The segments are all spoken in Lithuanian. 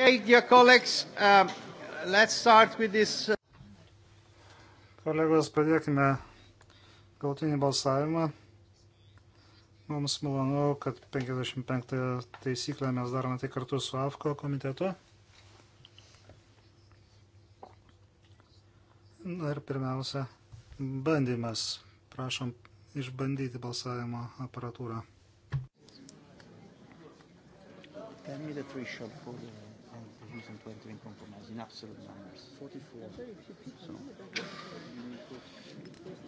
Okay, dear colleagues, uh, let's start with this. Uh, Kolegos, pradėkime gautinį balsavimą. Mums malonu, kad 55 taisyklę mes darome tai kartu su AFKO komitetu. Na ir pirmiausia, bandymas. Prašom išbandyti balsavimo aparatūrą. Tell me the threshold for the... 120 in compromise, in absolute numbers. 44. So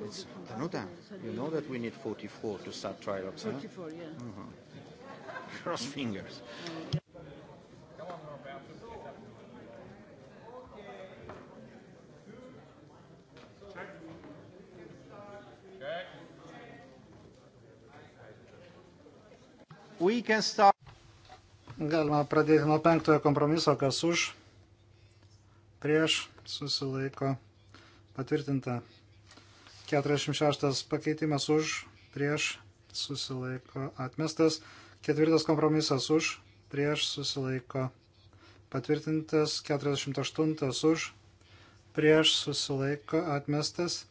it's, Danuta, you know that we need 44 to start trilogues, 44, huh? yeah. Mm-hmm. Cross fingers. We can start. Galima pradėti nuo penktojo kompromiso, kas už, prieš, susilaiko, patvirtinta. 46 pakeitimas už, prieš, susilaiko, atmestas. Ketvirtas kompromisas už, prieš, susilaiko, patvirtintas. 48 už, prieš, susilaiko, atmestas.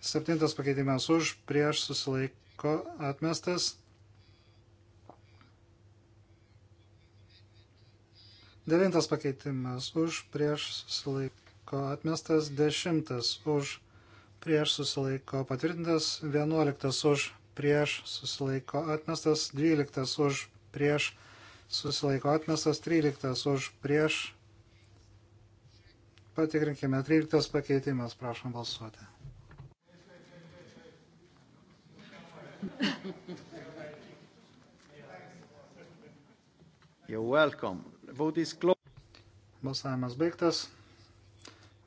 Septintas pakeitimas už, prieš, susilaiko, atmestas. Devintas pakeitimas už prieš susilaiko atmestas, dešimtas už prieš susilaiko patvirtintas, vienuoliktas už prieš susilaiko atmestas, dvyliktas už prieš susilaiko atmestas, tryliktas už prieš. Patikrinkime, tryliktas pakeitimas, prašom balsuoti. You're welcome. Balsavimas baigtas.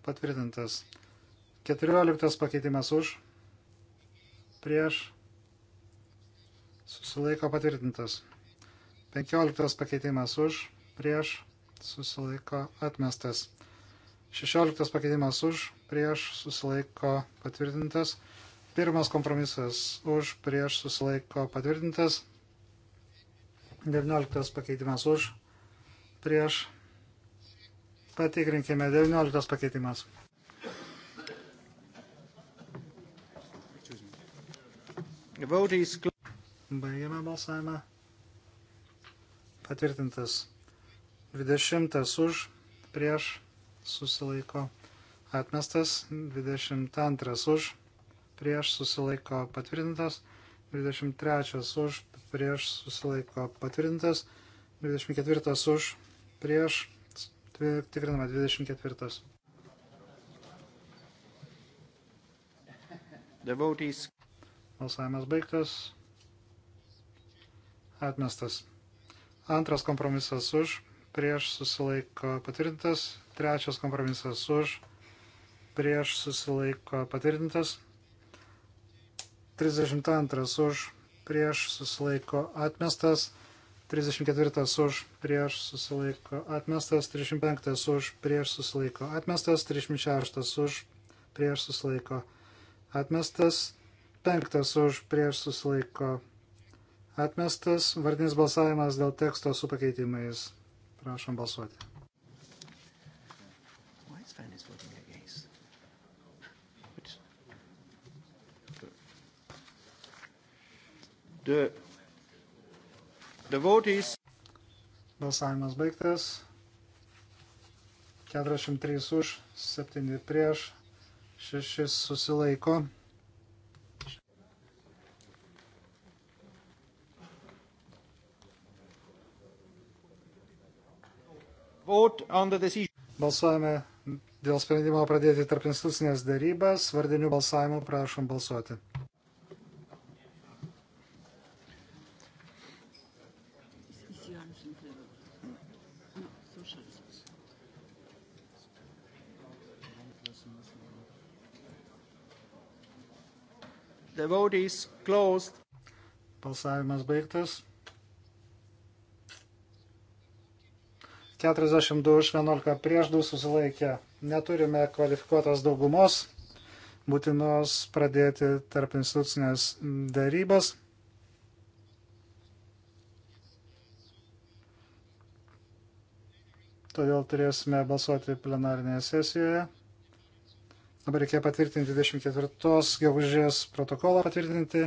Patvirtintas. 14 pakeitimas už. Prieš. Susilaiko patvirtintas. 15 pakeitimas už. Prieš. Susilaiko atmestas. 16 pakeitimas už. Prieš. Susilaiko patvirtintas. Pirmas kompromisas už. Prieš. Susilaiko patvirtintas. 19 pakeitimas už prieš. Patikrinkime 19 pakeitimas. Baigiame balsavimą. Patvirtintas 20 už, prieš susilaiko atmestas, 22 už, prieš susilaiko patvirtintas, 23 už, prieš susilaiko patvirtintas, 24 už, prieš, tikriname 24. Devotees. Balsavimas baigtas. Atmestas. Antras kompromisas už, prieš susilaiko patvirtintas. Trečias kompromisas už, prieš susilaiko patvirtintas. 32 už, prieš susilaiko atmestas. 34 už prieš susilaiko atmestas, 35 už prieš susilaiko atmestas, 36 už prieš susilaiko atmestas, 5 už prieš susilaiko atmestas, vardinis balsavimas dėl teksto su pakeitimais. Prašom balsuoti. Deux. The vote is. Balsavimas baigtas. 43 už, 7 prieš, 6 susilaiko. Balsuojame dėl sprendimo pradėti tarp institucinės darybas. Vardinių balsavimų prašom balsuoti. The vote is closed. Balsavimas baigtas. 42 už 11 prieš 2 susilaikė. Neturime kvalifikuotos daugumos, būtinos pradėti tarp institucinės darybas. todėl turėsime balsuoti plenarinėje sesijoje. Dabar reikia patvirtinti 24 gegužės protokolą patvirtinti.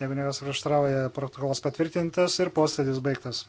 Jeigu niekas prieštrauja, protokolas patvirtintas ir posėdis baigtas.